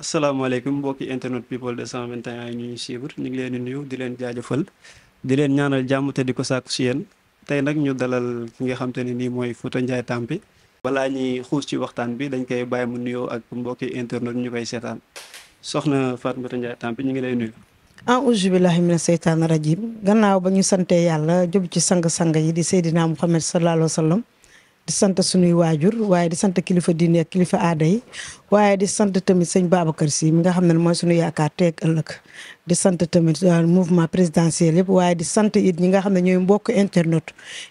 asalaamaaleykum mbokki internet people 221 yi ñuy suivre ñu ngi leen di nuyu di leen jaajëfal di leen ñaanal jàmm te di ko sàkku si yéen tey nag ñu dalal ki nga xam ni nii mooy Fouta Ndiaye tàmpi walaa ñuy xuus ci waxtaan bi dañ koy bàyyi mu nuyoo ak mbokki internet ñu koy seetaan soxna Fatoumata Ndiaye Tampi ñu ngi lay nuyu. auzu billahi mina seytaani rajim gannaaw ba ñu sante yàlla jub ci sang-sang yi di Seydina Muhammad sallallahu alayhi wa sallam di sant sunuy waajur waaye di sant kilifa diine ak kilifa aada yi waaye di sant tamit sëñ Babacar Sy mi nga xam ne mooy sunu yaakaar teeg ëllëg di sant tamit euh, mouvement présidentiel yëpp waaye di sant it ñi nga xam ne ñooy mbokk internet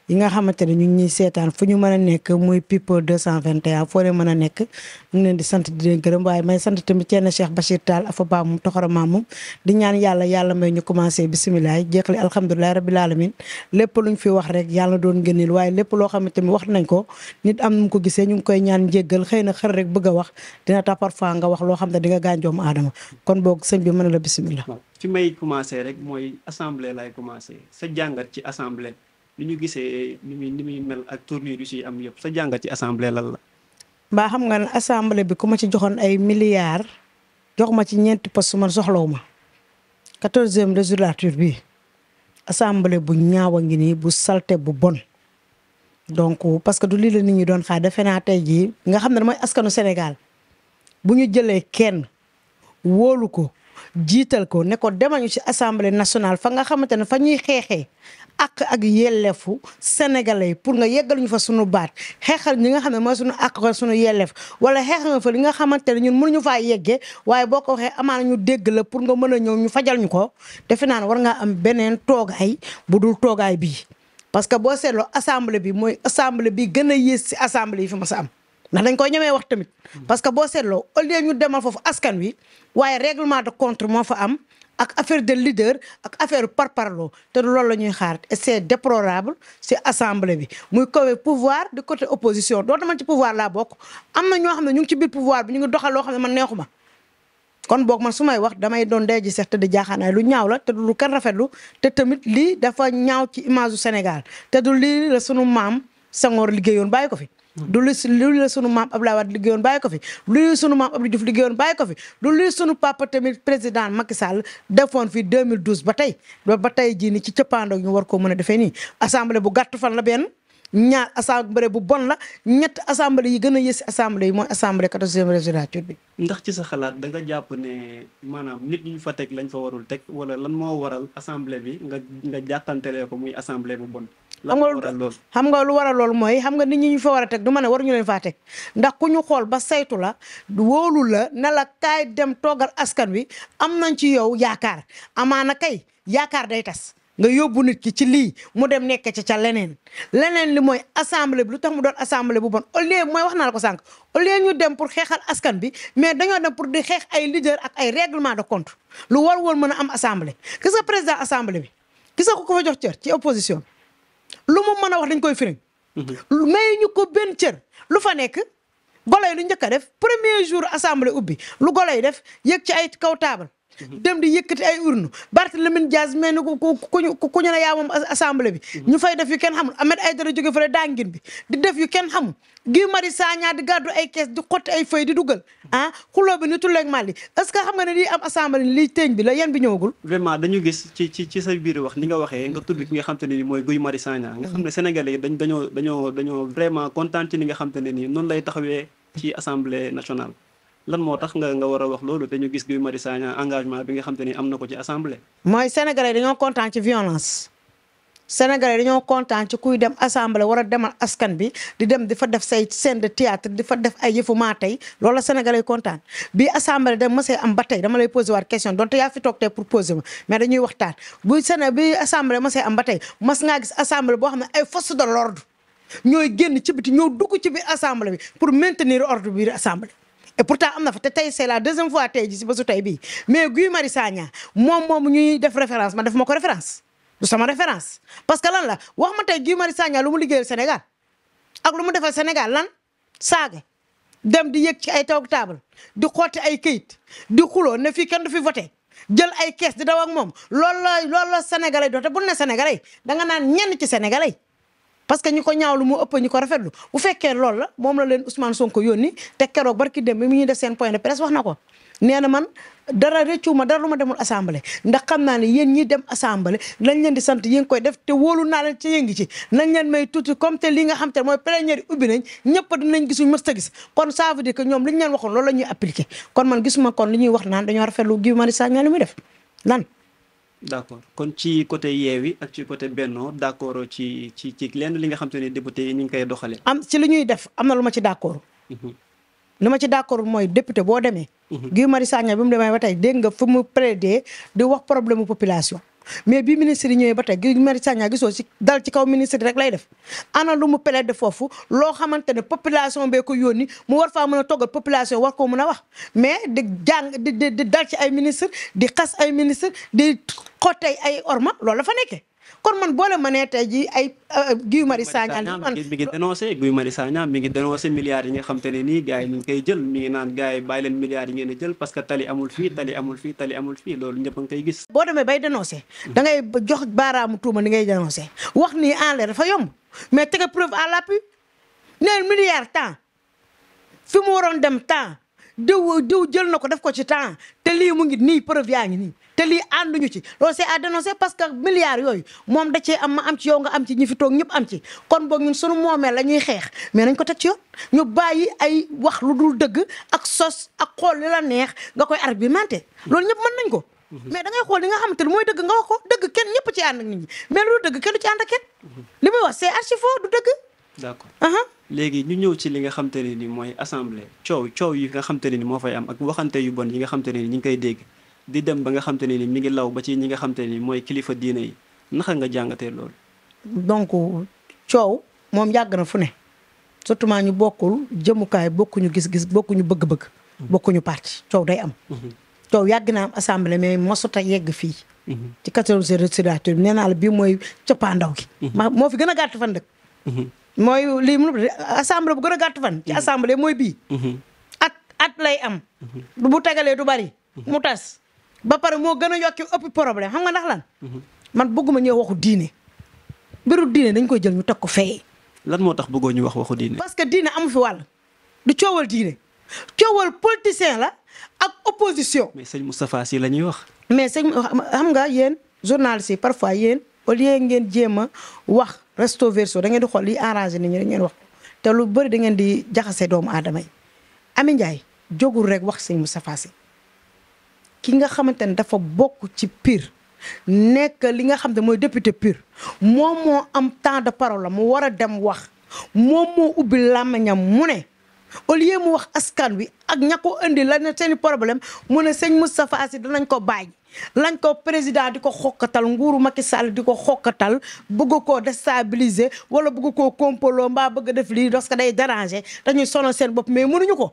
yi nga xamante ne ñu ngi ñuy seetaan fu ñu mën a nekk muy people 221 foo leen mën a nekk ñu leen di sant di leen gërëm waaye may sant tamit Thierno Cheikh Bachir Tall afa ba moom toxara maam di ñaan yàlla yàlla may ñu commencé bisimilah jeexle alhamdulilah rabil alamin lépp luñ fi wax rek yàlla doon gënil waaye lépp loo xam ne tamit wax nañ ko nit am nu ko gisee ñu ngi koy ñaan njéggal xëy na xër rek bëgg wax dina tax parfois wax loo xam ne di nga gaañ doomu aadama kon boog sëñ bi mën la bisimilah alhamdulilah fi may commencé rek mooy assemblée laay commencé sa jàngat ci assemblée li ñu gisee ni muy ni mel ak tournure yu si am yëpp sa jàngat ci assemblée lan la. mbaa xam nga ne assemblée bi ku ma ci joxoon ay milliards jox ma ci ñeenti poste ma soxlawu ma quatorzième législature bi assemblée bu ñaawa ngi nii bu salte bu bon donc parce que du lii la nit ñi doon xaar defe naa tey jii nga xam ne mooy askanu senegal bu ñu jëlee kenn wóolu ko. jiital ko ne ko demañu ci assemblée nationale fa nga xamante ne fa ñuy xeexee ak ak yelleefu sénégalais pour nga yeggaluñu fa sunu baat xeexal ñi nga xam ne mooy sunu ak sunu yelleef wala xeexal nga fa li nga xamante ne ñun mënuñu faa yeggee waaye boo ko waxee amaana ñu dégg la pour nga mën a ñëw ñu fajal ñu ko defe naa ne war ngaa am beneen toogaay bu dul toogaay bii parce que boo seetloo assemblée bi mooy assemblée bi gën a yées si assemblée yi fi ma sa am ndax dañ koy ñemee wax tamit parce que boo seetloo au lieu ñu demal foofu askan wi waaye règlement de compte moo fa am ak affaire de leader ak affaire par parparloo te loolu la ñuy xaar et c' déplorable si assemblée bi muy côté pouvoir du côté opposition dootu man ci pouvoir la bokk am na ñoo xam ne ñu ngi ci biir pouvoir bi ñu ngi doxal loo xam ne ma neexu ma kon book man sumay wax damay doon dee ji sax te di jaaxaanaay lu ñaaw la te du lu kenn rafetlu te tamit lii dafa ñaaw ci image Sénégal te du lii sunu maam Senghor liggéeyoon bàyyi ko fi. du lu lu la sunu maam Abdoulaye Wade liggéeyoon bàyyi ko fi lu sunu maam Abdou bàyyi ko fi lu lu sunu papa tamit président Macky Sall defoon fi 2012 ba tey ba tey jii ni ci cëppaandoo ñu war koo mën a defee nii assemblée bu gàtt fan la benn ñaar assemblée bu bon la ñett assemblée yi gën a yées assemblée yi mooy assemblée quatorzième législature bi. ndax ci sa xalaat danga jàpp ne maanaam nit ñu fa teg lañ fa warul teg wala lan moo waral assemblée bi nga nga jàkkantelee ko muy assemblée bu bon. xam nga xam nga lu war a loolu mooy xam nga nit ñi ñu fa war a teg du ma war waruñu leen faa teg ndax ku ñu xool ba saytu la wóolu la ne la kaay dem toogal askan wi am nañ ci yow yaakaar amaana kay yaakaar day tas nga yóbbu nit ki ci lii mu dem nekke ci ca leneen leneen li mooy assemblée bi lu tax mu doon assemblée bu bon au lieu mooy wax naa la ko sànq au lieu ñu dem pour xeexal askan bi mais dañoo dem pour di xeex ay leader ak ay règlement de compte lu war woon mën am assemblée gis président assemblée bi gis nga ko ko fa jox cër ci lu mu mën a wax dañ koy firi. Mhm. may ñu ko benn cër lu fa nekk. golo yi lu njëkk a def premier jour assemblée ubbi lu golo yi def yëg ci ay kaw taabal dem di yëkkati ay urne Barthélémy Dias mel ni ku ku ku ku ñu ne yaa moom assemblée bi. Mhm. ñu fay def yu kenn xamul amee Aïdara jóge fële dangin bi di def yu kenn xamul Guy Marius Sagna di gàddu ay kees di xotti ay feuilles di dugal mhm. ah xuloo bi ni tulleeg màlli est-ce que xam nga ni lii am assemblée lii teeñ bi la yan bi ñëwagul. dañu gis ci ci ci sa biir wax ni nga waxee nga tudd ki nga xam ne nii mooy Guy Marius Sagna nga xam ne mhm. Sénégalais yi dañ dañoo dañoo dañoo kontaan ci ni nga xam te ne nii noonu lay taxawee ci assemblée nationale. lan moo tax nga nga war a wax loolu te ñu gis Guy Marius Sagna engagement bi nga xam te ni am na ko ci assemblée. mooy sénégalais dañoo kontaan ci violence. sénégalais dañoo kontaan kuy dem assemblée war a demal askan bi di dem di def say scène de théâtre di fa def ay yëfu maa tey loolu la sénégalais kontaan bii assemblée da am ba tey dama lay posé waat question donte yaa fi toog tey pour poser ma mais dañuy waxtaan bu séné bi assemblée mësee am ba tey mas ngaa gis assemblée boo xam ne ay forces de l'ordre ñooy génn ci biti ñoo dugg ci biir assemblée bi pour maintenir ordre biir assemblée et pourtant am na fa te tey c'est la deuxième fois tey ji si bésu tey bii mais Guy Marius Sagna moom moom ñuy def référence ma def ma ko référence du sama référence parce que lan la wax ma tey Guy mari Sagna lu mu liggéeyal Sénégal ak lu mu defal Sénégal lan saaga dem di yëg ci ay toog table di xotti ay këyit di xuloo ne fii kenn du fi voté jël ay kees di daw ak moom loolu la loolu la Sénégalais dox te bu ne Sénégalais da nga naan ñenn ci Sénégalais parce que ñi ko ñaawlu moo ëpp ñi ko rafetlu bu fekkee loolu la moom la leen Ousmane Sonko yónni te keroog barki dem bi mu ñuy def seen point de presse wax na ko nee na man dara rëccu ma dara lu ma demul assemblée ndax xam naa ne yéen ñi dem assemblée lañ leen di sant yéen koy def te wóolu naa leen ci yëngi ci may tuuti comme te li nga xam te mooy plénière yi ubbi nañ ñëpp dinañ gisuñ mës gis kon ça veut dire ñoom li ñu leen waxoon loolu la ñuy appliqué kon man gisuma kon li ñuy wax naan dañoo rafetlu Guy Marius Sagna li muy def d'accord kon ci côté Yewwi ak ci côté Benno d'accord ci ci ci lenn li nga xam te ne député yi ñu ngi koy doxalee. am ci li ñuy def am na lu ma ci d'accord. Mhm. li ma ci d'accord mooy député boo demee. Mhm. Guy Marius Sagna bi mu demee ba tey dégg nga fu mu plaider di wax problème population. mais bi ministre yi ñëwee ba tey gi Mary Sagna gisoo ci dal ci kaw ministre rek lay def ana lu mu plaide foofu loo xamante ne population bee ko yónni mu war faa mën a toggal population war ko mën a wax mais di jàng di di dal ci ay ministre di xas ay ministre di xottey ay orma loolu la fa nekkee kon man boole ma nee tey jii ay euh, Guy Marius Sagna mi ngi dénoncé Guy Marius Sagna mi ngi dénoncé milliards yi nga xam te ne nii gars yi ñu ngi koy jël mi ngi naan gars yi bàyyi leen milliards yi ngeen a jël parce que tali amul fii tali amul fii tali amul fii loolu ñëpp a koy gis boo demee bay dénoncé da ngay jox baaraamu tuuma ni ngay dénoncé wax nii en l'air dafa yomb mais tega preuve à l'appui neen milliard temps fi mu waroon dem temps diw diw jël na ko def ko ci temps te mu ngi nii preuve yaa ngi nii te lii ànduñu ci loolu c'est à dénoncer parce que milliards yooyu moom da cee am ma am ci yow nga am ci ñi fi toog ñëpp am ci kon boog ñun sunu moomeel la ñuy xeex mais nañ ko te ci yoon ñu bàyyi ay wax lu dul dëgg ak sos ak xool li la neex nga koy argumenté loolu ñëpp mën nañ ko. mais da ngay xool li nga xamante ne mooy dëgg nga ko dëgg kenn ñëpp ci ànd ak nit ñi mais ci ànd ak kenn. li muy wax c'est archi faux du dëgg. d'accord ñu ñëw ci li nga xam te ne ni mooy assemblée coow coow yi nga xam te ne ni moo fay am ak waxante yu bon yi nga xam te ne ni ñu ngi koy dégg di dem ba nga xam te ne ni mi ngi law ba ci ñi nga xam te ne ni mooy kilifa diine yi naka nga jàngatee loolu. donc coow moom yàgg na fu ne surtout maa ñu bokkul jëmukaay bokkuñu gis-gis bokkuñu bëgg-bëgg. Mhm. ñu parti coow day am. Mhm. coow yàgg naa am assemblée mais mosut a yegg fii. Mhm. ci quatorze législature nee naa la bii mooy cëppaandaw gi. moo fi gën a gàtt fan dëkk. mooy lii mu assemblée bu gën a gàtt fan. mooy bii. at at lay am. bu tegalee du bari mu tas. ba pare moo gën a yokki ëpp problème xam nga ndax lan. man bëgguma ñëw waxu diine. mbiru diine dañ koy jël ñu teg ko fee. lan moo tax bëggoo ñu wax waxu diine. parce que diine amu fi wàll du coowal diine coowal politicien la ak opposition. mais sëñ Moustapha Sy la ñuy wax. mais sëñ xam nga yéen journaliste yi parfois yéen au lieu ngeen jéem a wax resto verso da ngeen di xool liy arrangé ni ñi da ngeen wax te lu bëri da ngeen di jaxasee doomu aadama yi Amy jógul rek wax sëñ Moustapha Sy ki nga xamante ne dafa bokk ci piir nekk li nga xam ne mooy député PUR moom moo am temps de parola mu war a dem wax moom moo ubbi làmmiñam mu ne au lieu mu wax askan wi ak ña ko indi la ne seeni problème mu ne sëñ Moustapha Sy danañ ko bàyyi lañ ko président di ko xokkatal nguuru Macky Sall di ko xokkatal bëgg koo déstabiliser wala bëgg koo kompaloo mbaa bëgg def lii parce que day déranger dañuy sonal seen bopp mais mënuñu ko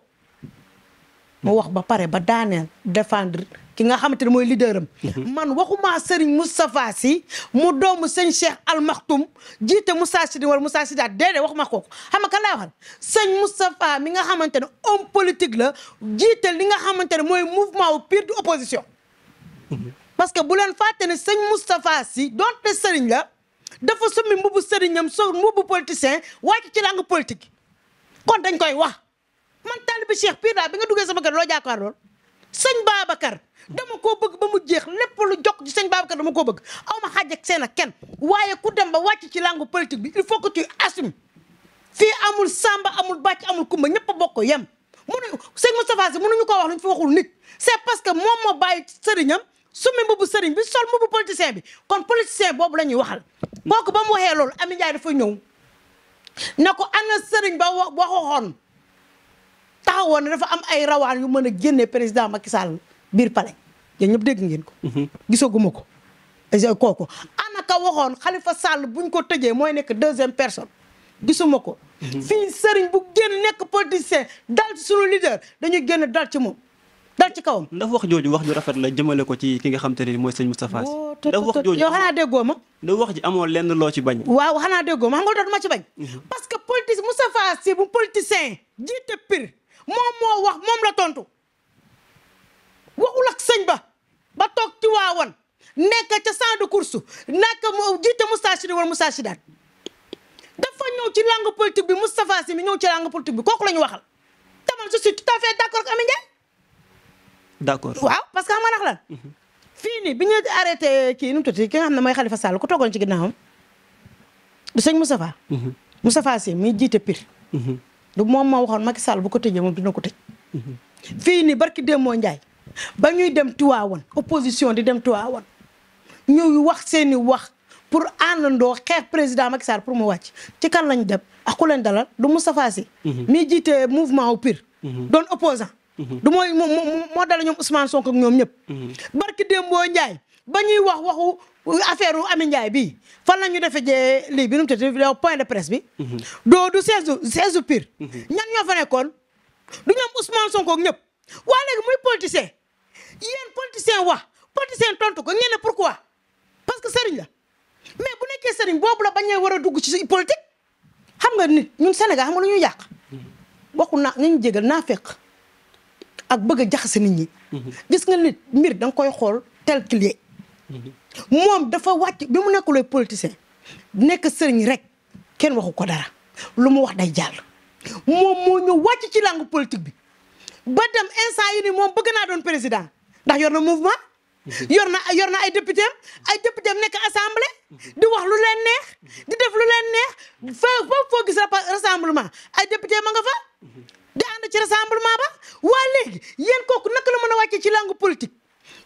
mu wax ba pare ba daaneel défendre ki nga xamante ne mooy leader am. Mhm. man waxuma Serigne Moustapha Sy mu doomu sëñ Cheikh Al Maktoum jiite Moussa Sidi wala Moussa Sidaat déedéet waxuma kooku xam nga kan laa waxal sëñ Moustapha mi nga xamante ne homme politique la jiite li nga xamante ne mooy mouvement au pire de opposition. Mhm. parce que bu leen fàtte ne sëñ Moustapha Sy donte Serigne la dafa summi mbubu Serigne am so mbubu politicien wàcc ci langue politique kon dañ koy wax. man taalibe Cheikh Pire laa bi nga duggee sama kër loo jàkkaar lool sëñ Babacar dama koo bëgg ba mu jeex lépp lu jokk ci sëñ Babacar dama koo bëgg aw ma xaaj ak seen ak waaye ku dem ba wàcc ci langue politique bi il faut que tu assumes fii amul samba amul bàcc amul kumba ñëpp a bokk yem. mënuñu sëñ Moustapha Sy ñu ko wax lu ñu fi waxul nit c'est parce que moom moo bàyyi sëriñam summi mbubu sëriñ bi sol mbubu politicien bi kon politicien boobu la ñuy waxal. kooku ba mu waxee loolu Amy Ndiaye dafa ñëw na ko ana sëriñ ba waxoon taxawoon a dafa am ay rawaan yu mën a génne président Macky Sall biir palais yéen ñëpp dégg ngeen ko. Mhm. gisaguma ko. kooku anaka waxoon Khalifa Sall buñ ko tëjee mooy nekk deuxième personne gisuma ko. Mhm. fii sëriñ bu génn nekk politicien dal ci sunu leader dañuy génn dal ci moom dal ci kawam. ndax wax jooju wax ju rafet la jëmale ko ci ki nga xam te ne mooy sëñ Moustapha Sy. Oh, ndax wax jooju yow xanaa déggoo ma. ndax wax ji amoo lenn loo ci bañ. waaw xanaa déggoo ma xam ma ci mhm. parce que politique Moustapha Sy bu moom moo wax moom la tontu waxul ak sëñ ba ba toog ci waawan nekk ca champ de course nekk mu jiite Moustarchidine wala Moustarchidaat dafa ñëw ci langue politique bi Moustapha Sy mi ñëw ci langue politique bi kooku la ñu waxal tamal je suis tout à fait d' accord ak Ami Ndiaye waaw parce que xam nga nax lan fii bi ñu arrêté kii nu mu tuddati ki nga xam ne mooy Khalifa Sall ku toogoon ci ginnaawam du sëñ Moustapha mhm. Moustapha Sy mi jiite Pire mhm. du moom ma waxoon Macky Sall bu ko tëjee moom dina ko tëj. fii nii barki Demba Ndiaye ba ñuy dem Tiwaawan opposition di dem Tiwaawan ñuy wax seeni wax pour àndandoo xeex président Macky Sall pour mu wàcc ci kan lañ dem a ku leen dalal du Moustapha Sy. Mhm. mi jiite mouvement au pire. Mhm. doon opposant mhm. du mooy moo moo dala ñoom Ousmane Sonko ak ñoom ñëpp. barki Demba Ndiaye. ba ñuy wax waxu affaire Ami Ndiaye bi fan la ñu defee jee lii bi nu mu tëddee point de presse bi. Mhm. doo du seize seize pire. Mhm. ñan ñoo fa nekkoon du ñoom Ousmane Sonko ak ñëpp waa léegi muy politicien yéen politicien wax politicien tontu ko ngeen ne pourquoi parce que sëriñ la mais bu nekkee sëriñ boobu la bañee war a dugg ci politique xam nga nit ñun Sénégal xam nga lu ñuy yàq. waxu mhm. naa nañu jégal naa fekk ak bëgg a jaxase nit ñi. gis nga nit mbir da nga koy xool tel moom dafa wàcc bi mu nekkulee politicien nekk sëriñ rek kenn waxu ko dara lu mu wax day jàll. moom moo ñu wàcc ci langue politique bi ba dem instant yi ni moom bëgg naa doon président ndax yor na mouvement. yor na yor na ay député ay député nekk assemblée. di wax lu leen neex. di def lu leen neex fa foofu foo gis rassemblement ay député ma nga fa. di ànd ci rassemblement ba waa léegi yéen kooku naka la mën a wàccee ci langue politique.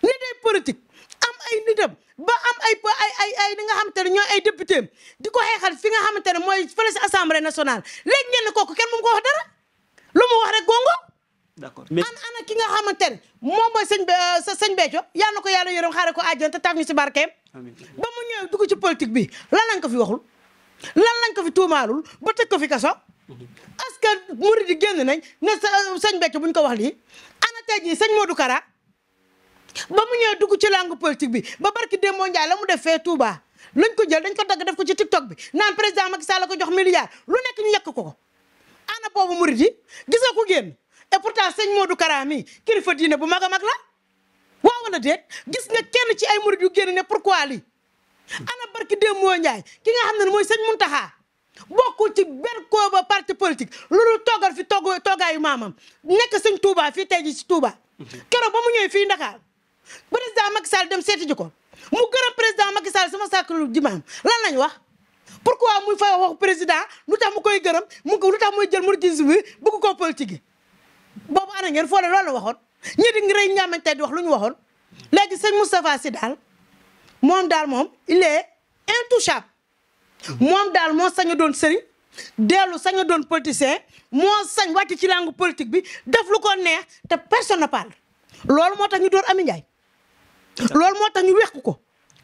ne day politique. am ay nitam ba am ay ay ay ay li nga xamante ne ay député di ko xeexal fi nga xamante ne mooy fële si assemblée nationale léegi ngeen ne kooku kenn mu ko wax dara lu mu wax rek gongo. d'accord mais ana ana ki nga xamante ne moom mooy sëñ euh, sa sëñ Béthio yal na ko yàlla yërëm xaare ko àjjana te taf ñu si barkeem. ba mu ñëw dugg ci politique bi lan lañ ko fi waxul lan lañ ko fi tuumaalul ba teg ko fi kaso. parce mm-hmm. que murid yi génn nañ ne sa euh, sëñ Béthio buñ ko wax lii ana tey jii sëñ Modou Kara. ba mu ñëwee dugg ci langue politique bi ba barki Demba Ndiaye la mu def fee Touba luñ ko jël dañ ko dagg def ko ci TikTok bi naan président Macky Sall la ko jox milliard lu nekk ñu yekk ko ko. ana boobu murid yi gisoo ko génn et pourtant sëñ Modou Kara mi kilifa diine bu mag a la waaw wala déet gis nga kenn ci ay murid yu génn ne pourquoi lii. ana barki Demba Ndiaye ki nga xam ne mooy sëñ Mountakha bokkul ci benn koo ba parti politique loolu toogal fi toog toogaayu maamam nekk sëñ Touba fii tey ji ci Touba. Mhm. keroog ba mu ñëwee fii Ndakaar président Macky Sall dem seeti ji ko mu gërëm président Macky Sall sama sàkkalu jimaam lan lañ wax koo muy fay wax président lu tax mu koy gërëm mu ko lu tax muy jël mouridisme bi bëgg koo politique yi boobu ana ngeen foo le loolu waxoon ñi di ngi rëy ñaamañ tey di wax lu ñu waxoon léegi sëñ Moustapha Sy daal moom daal moom il est intouchable moom daal moo sañ doon sëriñ dellu sañ a doon politicien moo sañ wàcc ci langue politique bi def lu ko neex te personne ne loolu moo tax ñu door Ami loolu moo tax ñu weq ko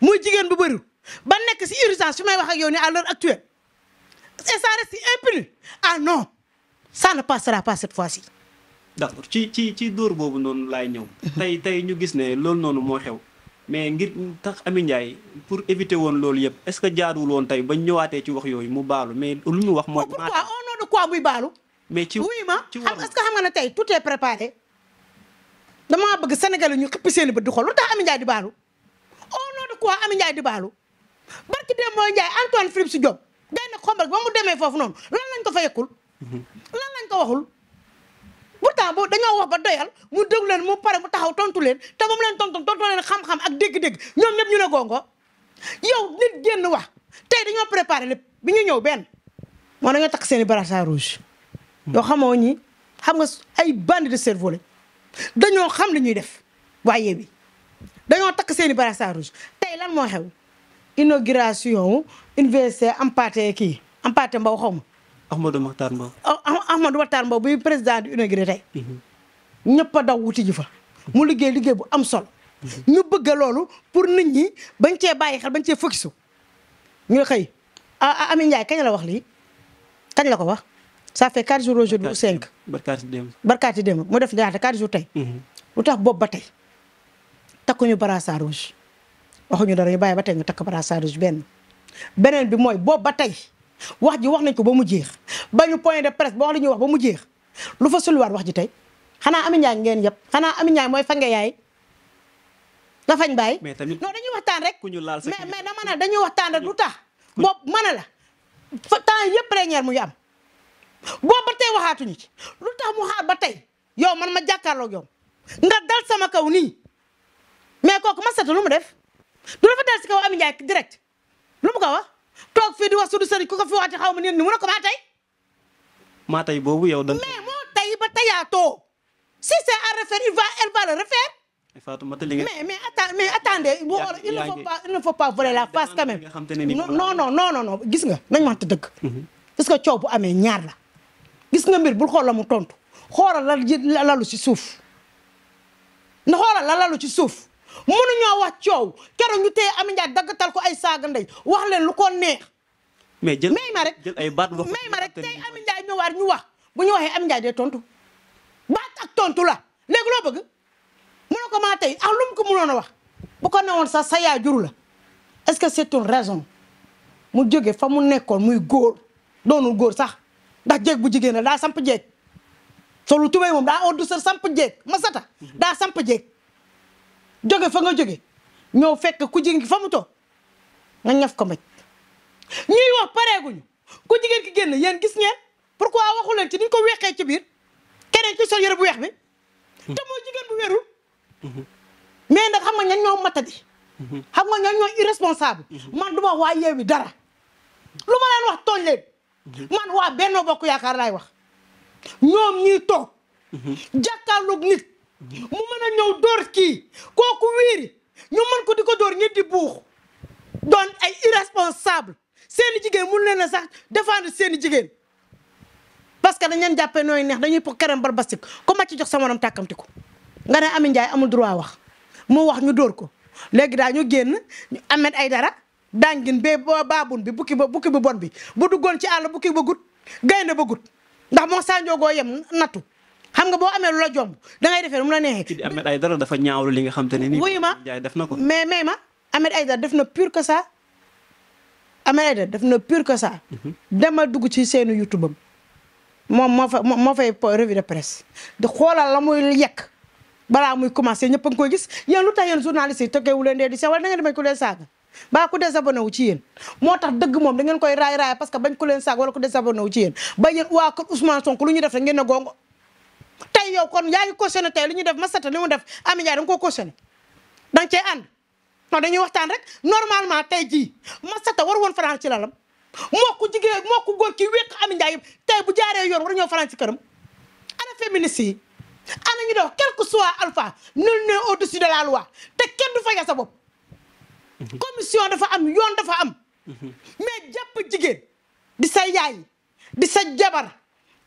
muy jigéen bu bëriwul ba nekk si urgence fi may wax ak yow ni à l'heure actuelle et ça reste impuni ah non ça ne passera pas cette fois-ci. d'accord ci ci dóor boobu noonu laay ñëw. tey tey ñu gis ne loolu noonu moo xew. mais ngir tax Amy Ndiaye pour éviter woon loolu yëpp est-ce que jaaduwul woon tey bañ ñëwaatee ci wax yooyu mu baalu mais lu ñu wax. mooy oh, pourquoi au nom de quoi muy baalu. mais ci oui ma est-ce que xam nga ne tey tout est préparé. damaa bëgg Sénégalais ñu xëpp seen i bët di xool lu tax Amy Ndiaye di baalu au nom de quoi Amy Ndiaye di baalu barki dem mooy Ndiaye Antoine Philippe Diop gay nag xombal ba mu demee foofu noonu lan lañ ko fa yekkul lan lañ ko waxul pourtant boo dañoo wax ba doyal mu déglu leen mu pare mu taxaw tontu leen te ba mu leen tontu tontu leen xam-xam ak dégg-dégg ñoom ñëpp ñu ne gongo yow nit génn wax tey dañoo préparé lépp bi ñu ñëw benn moo dañoo takk seen i brassard rouge yoo xamoo ñi xam nga ay bande de cerveau dañoo xam li ñuy def waaye bi dañoo takk seeni brassard rouge tey lan moo xew inauguration université Hampâté kii Hampâté Mbow xaw ma. Ahmadou Makhtar Mbow. Oh, ah, Ahmadou Makhtar Mbow buy président di inauguré tey. Mhm. ñëpp daw wuti ji fa. Mhm. mu liggéey liggéey bu am solo. Mhm. ñu bëgg loolu pour nit ñi bañ cee bàyyi xel bañ cee focus ñu xëy ah, ah Ami Ndiaye kañ la wax lii kañ la ko wax. ça fait 4 jours aujourd'hui ou 5. barkaati démb barkaati démb mu def ñaata 4 jours tey. Mhm. lu tax boobu ba tey takkuñu brassard rouge waxuñu dara ñu bàyyi ba tey nga takk brassard rouge benn. beneen bi mooy boob ba tey wax ji wax nañ ko ba mu jeex ba ñu point de presse ba wax li wax ba mu jeex lu fa sulwaat wax ji tey xanaa Amy Ndiaye ngeen yëpp xanaa Amy Ndiaye mooy fange yaay. nga fañ bàyyi mais tamit non dañuy waxtaan rek. ku ñu laal mais mais dama ne dañuy waxtaan rek lu tax. boobu mën na la fa temps yëpp mu ngi am. boobu ba tey waxaatuñu ci lu tax mu xaar ba tey yow man ma jàkkaarloog yow nga dal sama kaw nii kook kooku Massata lu mu def du dafa dal si kaw Amy Ndiaye direct lu mu ko wax toog fii wax sudu sëriñ ku ko fi waxati xaw ma nit ñi mu ne tey. boobu yow da mais moo tey ba tayaatoo si c'est à refaire il va elle va le refaire. Fatoumata li nga mais mais attends mais attendez il ne faut pas la face quand même non gis nga nañ waxante dëgg. parce mhm. que coow bu amee ñaar la. gis nga mbir bul xool la mu tontu xoolal la lalu ci suuf na xoolal la lalu ci suuf ñoo wax coow keroog ñu téye Amy Ndiaye daggatal ko ay saaga ndey wax leen lu ko neex. mais jël may ma rek jël ay baat wax may ma rek tey Amy Ndiaye ñu wax bu ñu waxee am Ndiaye dee tontu baat ak tontu la léegi loo bëgg mu ne ko maa tey ah lu mu ko mënoon a wax bu ko newoon sax sa yaa juru la est-ce que c'est une raison mu jóge fa mu nekkoon muy góor doonul góor sax. ndax jeeg bu jigéen la daa samp jeeg solu tubéy moom daa oddu sa samp jeeg masata daa samp jeeg jóge fa nga jóge ñoo fekk ku jigéen ki fa mu toog nga ñaf ko mbaj ñuy wax pareeguñu ku jigéen ki génn yéen gis ngeen pourquoi waxu leen ci niñ ko weexee ci biir keneen ci sol yére bu weex bi hmm. te mooy jigéen bu weru mais nag xam nga ñan ñoo matadi hmm. xam nga ñan ñoo irresponsable hmm. man du ma waa yeewi dara lu ma leen wax tooñ leen man waa benn Bokk Yaakaar laay wax ñoom ñii toog jàkkaarloog nit mu mën a door dóor kii kooku wiiri ñu mën ko di ko dóor ñit di buux doon ay irresponsable seeni jigéen mun leen a sax défendre seeni jigéen parce que dañ leen jàppee nooy neex dañuy po kerem bar bastik ku ma ci jox sama morom tàkkamti ko nga ne Ami Ndiaye amul droit wax mu wax ñu dóor ko léegi daal ñu génn ñu amet ay dara dàngin be ba baabun bi bukki ba bukki bu bon bi bu duggoon ci àll bukki ba gut gaynde ba gut ndax moo sanjoogoo yem nattu xam nga boo amee lu la jomb dangay defee lu mu la neexee. kii Ahmed Aïdara dafa ñaawlu li nga xam ne nii. ma def na ko mais mais ma Ahmed Aïdara def na pur que ça Ahmed Aïdara def na pur que ça. Mhm. demal dugg ci seenu YouTube moo fa moo fay revue de presse di xoolal la muy yekk. balaa muy commencé ñëpp a ngi koy gis yéen lu tax yéen journaliste yi tëggeewu leen dee di seet wala da ngeen di leen saaga baa ku désabonné wu ci yéen moo tax dëgg moom dangeen koy raay raay parce que bañ ku leen saag wala ku désabonné wu ci yéen ba yéen waa kër Ousmane Sonko lu ñu def rek ngeen a gongo tey yow kon yaa ngi cautionné tey lu ñu def Massata li mu def am Ndiaye da nga koo cautionné da nga cee ànd non dañuy waxtaan rek normalement tey jii Massata war woon fanaan ci lalam moo ko jigéen moo ko goon ki wéq Amy Ndiaye tey bu jaaree yoon war ñoo fanaan ci këram ana féministe yi ana ñu def quel que soit alpha nul n'est au-dessus de la loi te kenn du fayal sa bopp commission dafa am yoon dafa am mais jàpp jigéen di say yaay di sa jabar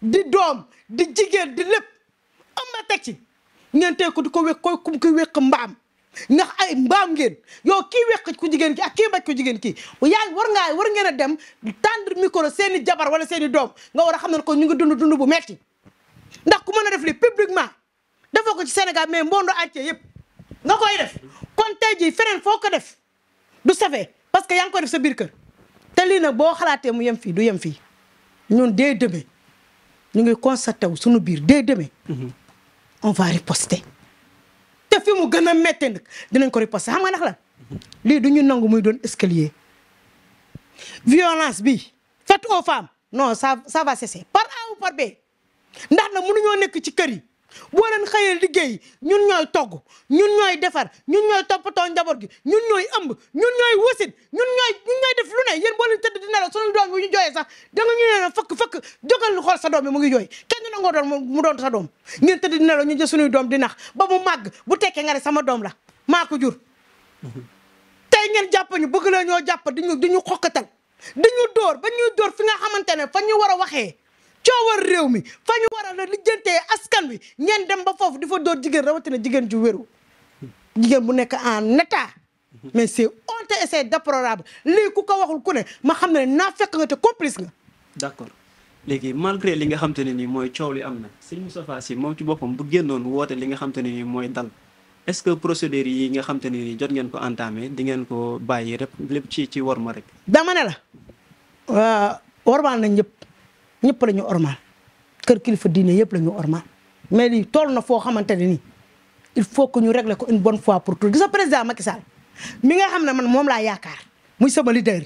di doom di jigéen di lépp am na teg ci ngeen tey ko di ko wékk koy kum ko wékk mbaam ndax ay mbaam ngeen yow kii wékk ku jigéen ki ak kii mbaj ko jigéen kii yaay war ngaa war ngeen a dem tendre micro seeni jabar wala seeni doom nga war a xam ne ko ñu ngi dund dund bu metti ndax ku mën a def li ma defoo ko ci Sénégal mais mbondo entier yëpp nga koy def kon tey jii feneen foo ko def du safee parce que yaa ngi ko def sa biir kër te lii nag boo xalaatee mu yem fii du yem fii ñun dès demain ñu ngi constaté wu sunu biir dès demain on va te fi mu gën a méttee nag dinañ ko riposter xam nga ndax lan lii du ñu nangu muy doon escalier violence bi faite aux femmes non ça ça va cesser par A ou par B ndax nag mënuñoo nekk ci kër yi boo leen xëyee liggéey ñun ñooy togg ñun ñooy defar ñun ñooy toppatoo njaboot gi ñun ñooy ëmb ñun ñooy wasin ñun ñooy ñun ñooy def lu ne yéen boo leen tëdd dina la doom ñu jooyee sax danga ñu ne la fëkk fëkk jógal doom bi mu ngi jooy kenn du nangoo doon mu doon sa doom ngeen tëdd dina la ñu jël sunuy doom di nax ba mu màgg bu tekkee nga ne sama doom la maa ko tey ngeen jàpp ñu bëgg la ñoo ñu diñu diñu xokkatal diñu dóor ba ñuy door fi nga xamante ne fa ñu war a waxee coowal réew mi fa ñu war a la lijjantee askan wi ngeen dem ba foofu di fa dóor jigéen rawatina jigéen ju wéru jigéen bu nekk en état mais c'est honte et c'est déplorable ku ko waxul ku ne ma xam ne naa fekk nga te complice nga léegi malgré li nga xam te ne nii mooy coow li am na sëñ Moustapha si moom ci boppam bu génnoon woote li nga xam te ne nii mooy dal est-ce que procédures yi nga xam ni nii jot ngeen ko entame di ngeen ko bàyyi rek lépp ci ci war ma rek dama ne la warmaal nañ ñëpp ñëpp la ñu ormaal kër kilifa diine yëpp la ñu ormaal mais lii toll na foo xamante ne nii il faut que ñu régler ko une bonne fois pour tout gis nga président Macky Sall mi nga xam ne man moom laa yaakaar muy sama leader.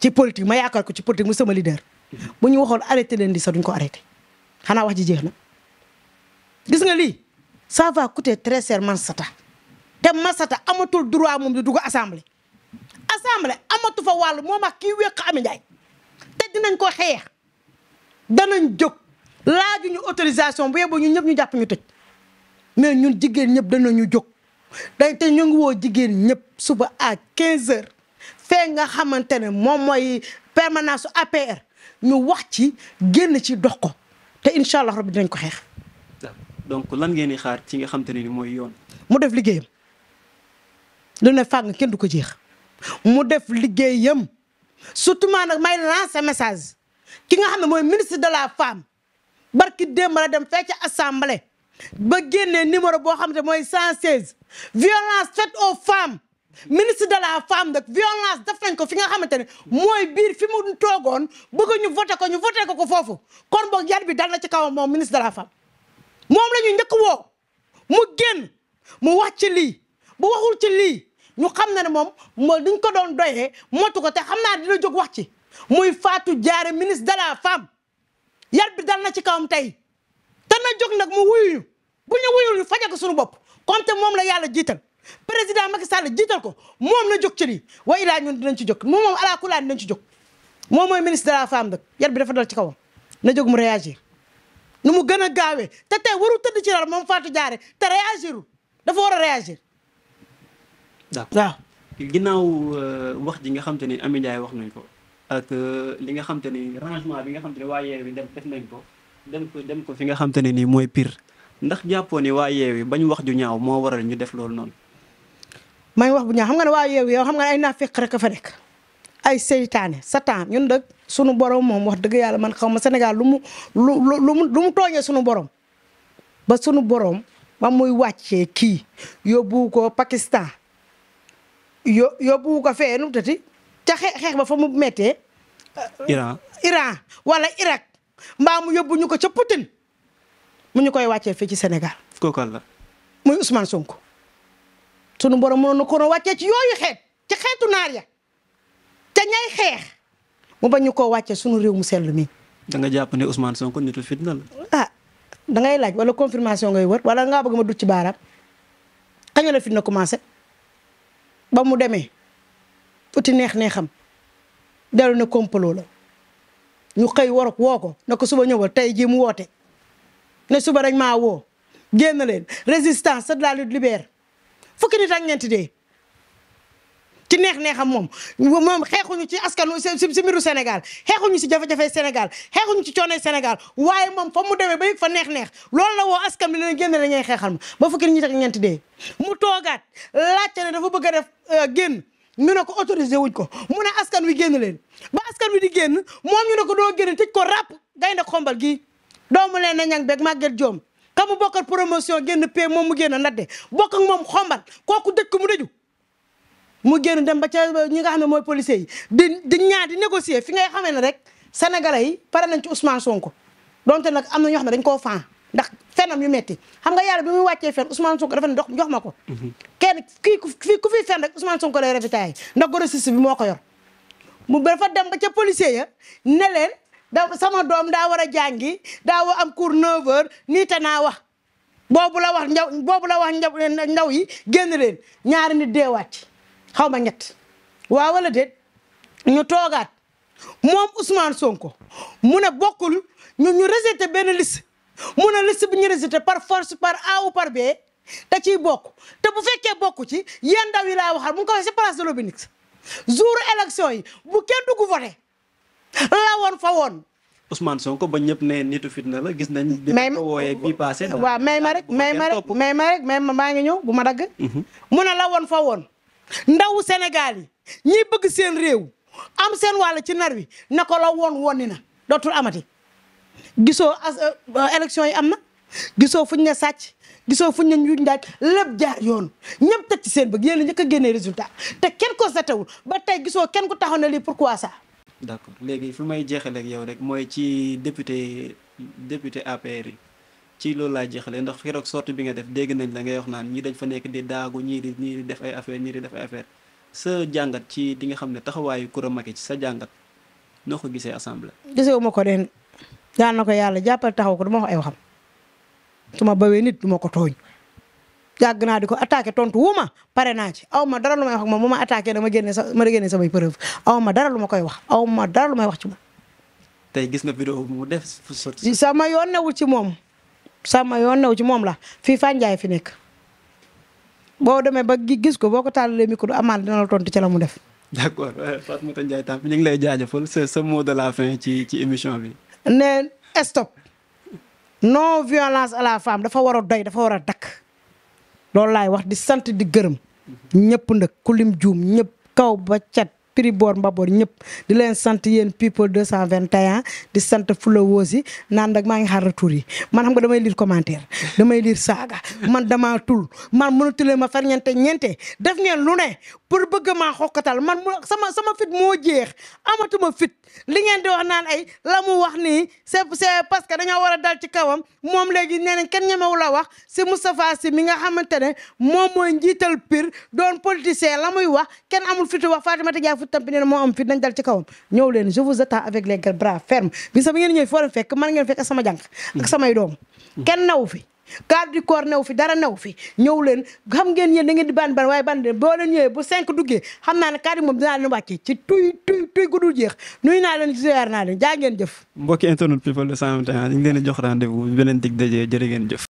ci politique ma yaakaar ko ci politique muy sama leader. bu ñu waxool arrêté leen di sax duñ ko arrêté xanaa wax ji jeex na gis nga lii ça va coûter très cher Mansata te sata amatul droit moom di dugg assemblée. assemblée amatu fa wàll moom ak kii wéq Ami Ndiaye te dinañ ko xeex. danañ jóg laajuñu autorisation bu yeboo ñun ñëpp ñu jàpp ñu tëj mais ñun jigéen ñëpp danañu jóg day te ñu ngi woo jigéen ñëpp suba à 15 heures fee nga xamante ne moom mooy permanence APR ñu wax ci génn ci dox ko te incha allah rabbi dinañ ko xeex. donc lan ngeen di xaar ci nga xamante ne ni mooy yoon. mu def liggéeyam dana ne kenn du ko jeex mu def liggéeyam surtout maanaam may sa message. ki nga xam ne mooy ministre de la femme barki démb la dem fee ca assemblée ba génnee numéro boo xam ne mooy 116 violence faite aux femmes ministre de la femme nag violence def nañ ko fi nga xamante ne mooy biir fi mu toogoon bëgg ñu voté ko ñu voté ko ko foofu kon boog yar bi dal na ci kaw moom ministre de la femme moom la ñu njëkk woo mu génn mu wax ci lii bu waxul ci lii ñu xam na ne moom mooy duñ ko doon doyee motu ko te xam naa dina jóg wax ci muy Fatou jaare ministre de la femme yar bi dal na ci kawam tey te na jóg nag mu wuyuñu bu ñu wuyul ñu fajal ko bopp comme te moom la yàlla jiital président Macky Sall jiital ko moom na jóg ci lii wa ilaa ñun dinañ ci jog moom moom alaa kulaa dinañ ci jog moom mooy ministre de la femme nag bi dafa dal ci kawam na jog mu réagir nu mu gën a gaawee te tey waru tëdd ci lal moom Fatou jaare te réagirul dafa war a réagir waaw euh, wax ji nga xam te ne Amy Ndiaye wax nañ ko ak euh, li nga xam ni rangement bi nga xam te ni waa yeewi dem def nañ ko dem ko dem ko fi nga xam ne nii mooy piir ndax jàppoo ni waa yeewi bañ wax ju ñaaw moo waral ñu def loolu noonu. may wax bu ñaaw xam nga ne waa yeewi yow xam nga ne ay naafeq rek a fa nekk ay seytaane satan ñun dëgg sunu borom moom wax dëgg yàlla man xam ma senegal lu mu lu lu mu lu tooñee sunu borom ba sunu borom ba muy wàccee kii yóbbu ko Pakistan yo yóbbu ko fee nu tati ca xeex ba fa mu méttee. Iran Iran wala Irak mbaa mu yóbbu ñu ko ca Poutine mu ñu koy wàccee fii ci Sénégal. kooku la muy Ousmane Sonko. sunu borom mënoon na ko wàccee ci yooyu xeet ci xeetu naar ya te ñay xeex mu bañ ñu koo wàccee sunu réew mu sell mi. da nga jàpp ne Ousmane Sonko nitu fitna la. ah da laaj wala confirmation ngay wër wala ngaa bëgg ma dut ci baaraam kañ la fitna commencé ba mu demee. uti neex neexam dellu ne kompaloo la ñu xëy warok woo ko na ko suba ñëwal tey jii mu woote ne suba rek maa woo génn leen résistance sa de la lutte libère fukki nit ak ñeenti dee ci neex neexam moom moom ñu ci askanu si si mbiru Sénégal xeexuñu si jafe-jafe Sénégal xeexuñu ci coono Sénégal waaye moom fa mu demee ba yëg fa neex neex loolu la woo askan bi leen génn la ñuy xeexal ma ba fukki nit ak ñeenti dee mu toogaat laajte ne dafa bëgg a def euh, génn ñu ne ko autorisé wuñ ko mu ne askan wi génn leen ba askan wi di génn moom ñu ne ko doo génn tëj ko ràpp gaynde xombal gii doomu leen na ñang beeg màgget joom ka bokkat bokkal promotion génn pee moom mu génn na bokk ak moom xombal kooku dëkk mu dëju mu génn dem ba ca ñi nga xam ne mooy policiers yi di di ñaar di négocier fi ngay xamee ne rek sénégalais yi pare nañ ci Ousmane Sonko donte nag am na ñoo xam ne dañ ko faan fenam yu metti xam nga yàlla bi muy wàccee fen Ousmane Sonko dafa ne dox jox ma ko kenn kii ku fi ku fi fen rek Ousmane Sonko lay ravitaay ndax grossiste bi moo ko yor mu dafa dem ba ca policier ya ne leen sama doom daa war a jàngi daa am cours 9 heures nii te naa wax boobu la wax ndaw boobu la wax ndaw ndaw yi génn leen ñaari nit dee wàcc xaw ma ñett waaw wala ñu toogaat moom Ousmane Sonko mu ne bokkul ñu ñu rejeté benn liste mun a liste bi ñu rejeté par force par A par B da ciy bokk te bu fekkee bokku ci yéen ndaw yi laay waxal mu ngi ko waxee si place de l'Obélisque jour élection yi bu kenn dugg voté la woon fa woon. ba ñëpp ne nitu fitna la gis nañ. mais ko wooyee bii passé. waaw may ma rek may ma rek may ma rek may ma maa ngi ñëw bu ma dagg. Mhm. mu ne la woon fa woon ndawu Sénégal yi ñiy bëgg seen réew am seen wàll ci nar wi na la woon woon ni na dootul amati. gisoo as euh, euh, élection yi am na gisoo fuñ ne sàcc gisoo fuñ ne njuuj njaaj lépp jaar yoon ñëpp teg seen bëgg yéen a njëkk a génnee résultat te kenn constaté wul ba tey gisoo kenn ku taxaw ne lii pourquoi ça. d' accord léegi fi may jeexaleeg yow rek mooy ci député député APR yi ci loolu laa jeexalee ndax keroog sortie bi nga def dégg nañ la ngay wax naan ñii dañ fa nekk di daagu ñii ñii di def ay affaire ñii di def affaire sa jàngat ci di nga xam ne taxawaayu Coura Macky ci sa jàngat noo ko gisee assemblée. gisee wu ko leen yal na ko yàlla jàppal taxaw ko du ma wax ay waxam su ma bawee nit du ma ko tooñ yàgg naa di ko attaqué tontu wu ma pare naa ci aw ma dara lu may wax moom bu ma attaqué dama génne sa ma génne samay preuve aw ma dara lu ma koy wax aw ma dara lu may wax ci moom. tey gis na vidéo bu mu def. sama yoon newul ci moom sama yoon newul ci moom la fii faa Fanjaay fi nekk boo demee ba gis ko boo ko tàllalee micro du amaat dina la tontu ci la mu def. d' accord Fatoumata Ndiaye Tampi ñu ngi lay jaajëfal sa sa mot de la fin ci ci émission bi. ne stop non violence à la femme dafa war a doy dafa war a dakk loolu laay wax di sant di gërëm ñëpp nag ku lim juum ñëpp kaw ba cat Pribor Mbabor ñëpp di leen sant yéen people 221 di sant followers naan nag xaar retour man xam nga damay lire commentaire damay lire saaga man damaa tul man mënatulee ma far ñente ñente def ngeen lu ne pour bëgg maa xokkatal man sama sama fit moo jeex amatuma fit li ngeen di wax naan ay la mu wax nii c'est c'est parce que dañoo war a dal ci kawam moom léegi nee nañ kenn ñemewu la wax si Moustapha Sy mi nga xamante ne moom mooy njiital pire doon tam bi nee na moo am fit nañ dal ci kawam ñëw leen je vous attends avec les bras fermes bi sama ngeen ñëw foo leen fekk man ngeen fekk ak sama jànq ak mm-hmm. samay doom mm-hmm. kenn naw fi garde du corps new fi dara new fi ñëw leen xam ngeen yéen da ngeen di baan baan waaye baan leen boo leen ñëwee bu cinq duggee xam naa ne kaddu moom dinaa leen wàccee ci tuy tuy tuy jeex nuyu naa leen ziar naa leen ngeen jëf mbokki internet leen jox rendez-vous bi beneen dig dajee jërë ngeen jëf